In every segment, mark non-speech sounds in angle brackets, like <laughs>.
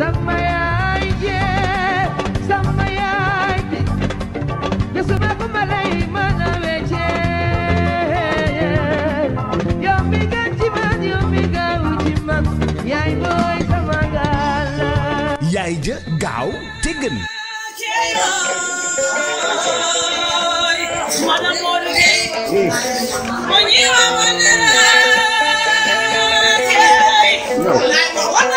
sama yaay jee sama yaay ji gisuma ku ma lay mën a weccee yow mi nga ci man yow mi nga wu ci man yaay booy sama gàlla yaay ja gaaw te gën No.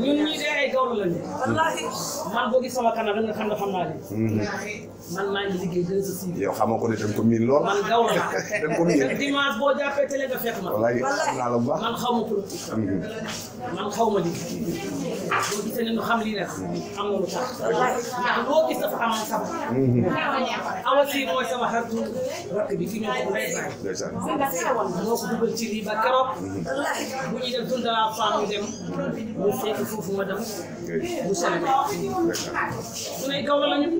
ñun ñii de ay gawlo lañu. wallaahi man boo gis sama kanam rek nga xam ne xam naa leen. Mhm. man maa ngi liggéey deux ou six. yow xamoo ko ne dañ ko miin lool. man gawlo la <laughs> dañ ko miin. dimanche boo jàppee télé nga fekk ma. wallaahi xam naa la bu baax man xaw ma politique. Mhm. man xaw ma lii. boo gisee ne ñu xam lii nag. am na lu tax. ndax boo gis dafa am sama. Mhm. awa si mooy sama xaritu rakk bi ki ñoo ko ndey baay. moo ko dugal ci lii ba keroog. bu ñuy dem tunda la femme ñu dem. mu fekk foofu ma dem mu sànni. su ne gaw lañu.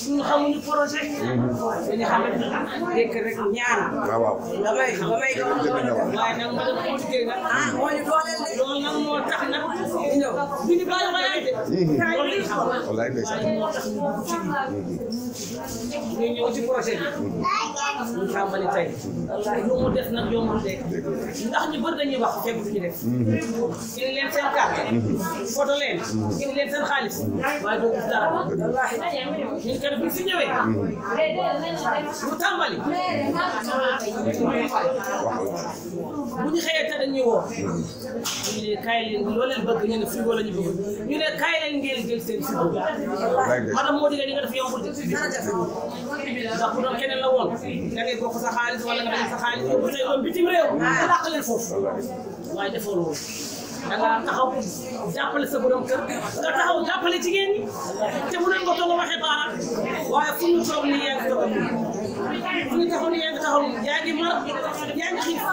suñu xamuñu projet. dañu xam ne dëkk rek ñaar. waaw waaw. damay damay gaw waaye nag ma dem politique nag. ah moo ñu dooleel de. loolu nag moo tax nag. ñëw. duñu bàyyi ba yaay de. walaay ndeysaan. ñu ñëw ci projet bi. ñu tàmbali tey. lu mu def nag yombul de. ndax ñu bëri dañuy wax fekk du ñu def. indi leen seen carte. foto leen. indi leen seen xaalis. waaye doo gis dara. ñun kat bu fi ñëwee. mu tàmbali. bu ñu xëyee te dañuy woo ñu ne kaay leen loo leen bëgg ñu ne frigo la ñu bëgg ñu ne kaay leen ngeen jël seen frigo maanaam moo diggee li nga def yombul jël frigo ndax bu doon keneen la woon da ngay bokk sa xaalis wala nga bañ sa xaalis bu tey doon bitim réew nga làq leen foofu waaye defoo loolu da nga taxaw jàppale sa borom kër nga taxaw jàppale jigéen ñi te bu doon ko toog waxee baaraam waaye fu ñu toog nii yaa ngi toog fu ñu taxaw nii yaa ngi taxaw nii yaa ngi mar yaa ngi xiif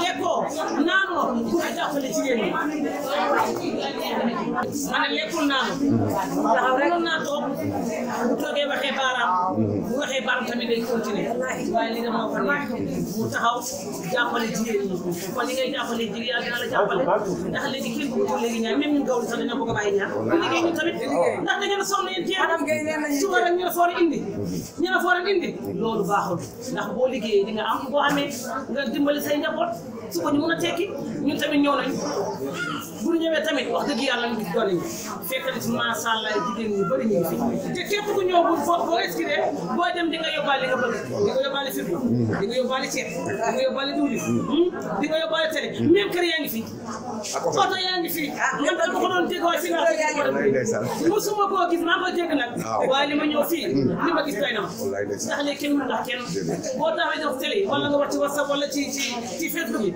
lekkoo naanoo pour ñu jàppale ci yéen ma ne lekkul naanoo taxaw rek naa toog bu toogee waxee baara tamit a continuer waaye li nga moo fa nekk mu taxaw jàppale jigéen ñi kon li ngay jàppale jigéen yàlla dina a jàppale ndax léegi kenn bëgg ko léegi ñaar même ñun gawul sax dañoo bëgg a bàyyi ñaar liggéey ñu tamit ndax da ngeen a sonn yéen jeex suba rek ñu la foor indi ñu la foor indi loolu baaxul ndax boo liggéeyee di nga am boo amee nga dimbali say njaboot su ko ñu mën a tekki ñun tamit ñëw nañ bu ñu ñëwee tamit wax dëgg yàlla ñu gis doole ñu fekk na ci macha allah jigéen ñu bëri ñu fi te képp ku ñëw bu boo boo inscrire boo dem di nga yóbbaale li nga bëgg di nga yóbbaale firgo di nga yóbbaale ceeb di nga yóbbaale diwlin hmm, di nga yóbbaale télé même kër yaa ngi fi ah, oto yaa ngi fi nga ah, dal ko doon dégg waaye fi nga mosuma koo gis maa ko dégg nag ah, waaye li ma ñëw fii hmm. li ma gis doy na ndax léegi kenn mën ndax kenn boo taxawee def télé wala nga wax ci whatsapp wala ci ci ci facebook yi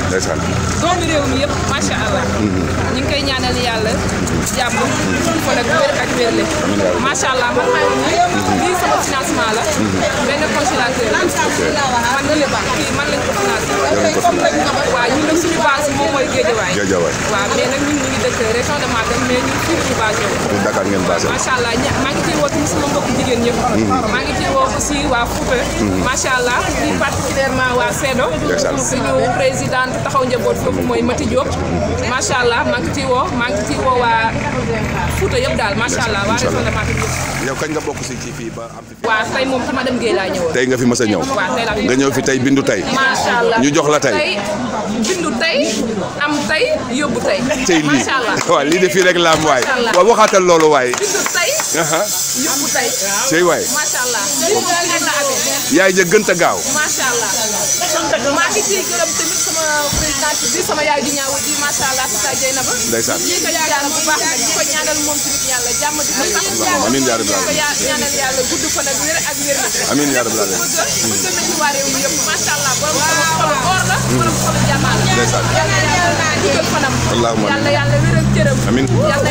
ndeysaan doomi réew mi yëpp macha allah mm-hmm. ñu ngi koy ñaanal yàlla jàmm ko la man ngi mm-hmm. sama financement la mm-hmm. benn congélateur man na lépp kii man lañ ko financé waaw ñun nag suñu base moom mooy Géejawaay waaw mais ñu ngi dëkk région de Matam mais ñu basé wu ngeen basé macha allah maa ngi ciy woo tamit sama mbokk jigéen ñëpp maa ngi ciy woo aussi waa Fouta macha allah plus particulièrement waa Seedo suñu présidente taxaw njaboot foofu mooy Mati Diop macha allah maa ngi ciy woo maa ngi waa Fouta yëpp daal macha allah waa région nga bokk si dem Guèye laa ñëwoon. tey nga fi mas a ñëw. nga ñëw fi tey bindu tey. ñu jox la tey. bindu tey am tey yóbbu tey. tey lii <laughs> waaw lii de fii rek la am waay. waxaatal loolu waay. yëpp tey. Uh-huh. sey waay macha allah. yaay ja gënta gaaw. macha allah. maa ngi ciy gërëm tamit sama présidente bi sama yaay di ñaaw ji macha allah si sa jëy na ba. ndeysaan lii bu baax nag di ko ñaanal moom tamit yàlla jàmm di ko sax. amiin ak wér ak wér. amiin yaa rabbi bëgg bëgg na ci waa réew mi yëpp macha yàlla yàlla guddal fanam. yàlla yàlla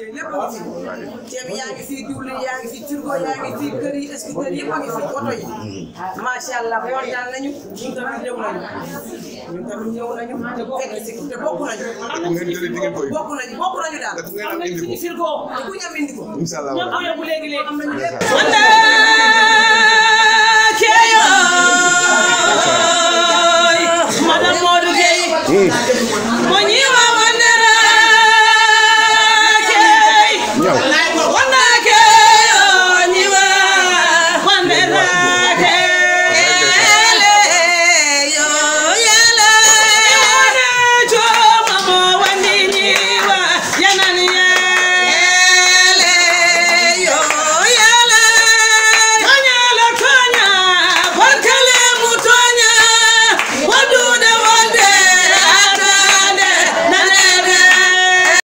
lépp a ngi fi ceeb yaa ngi fi diwlin yaa ngi fi turgo yaa ngi fi kër yi scooter yëpp a ngi fi oto yi macha allah kontaan nañu ñun tamit ñëw nañu ñun tamit ñëw nañu fekk si te bokk nañu bokk nañu bokk nañu daal firgo ku ñam indi ko ñam ko yóbbu léegi léegi am nañu lépp Madame Modou Gueye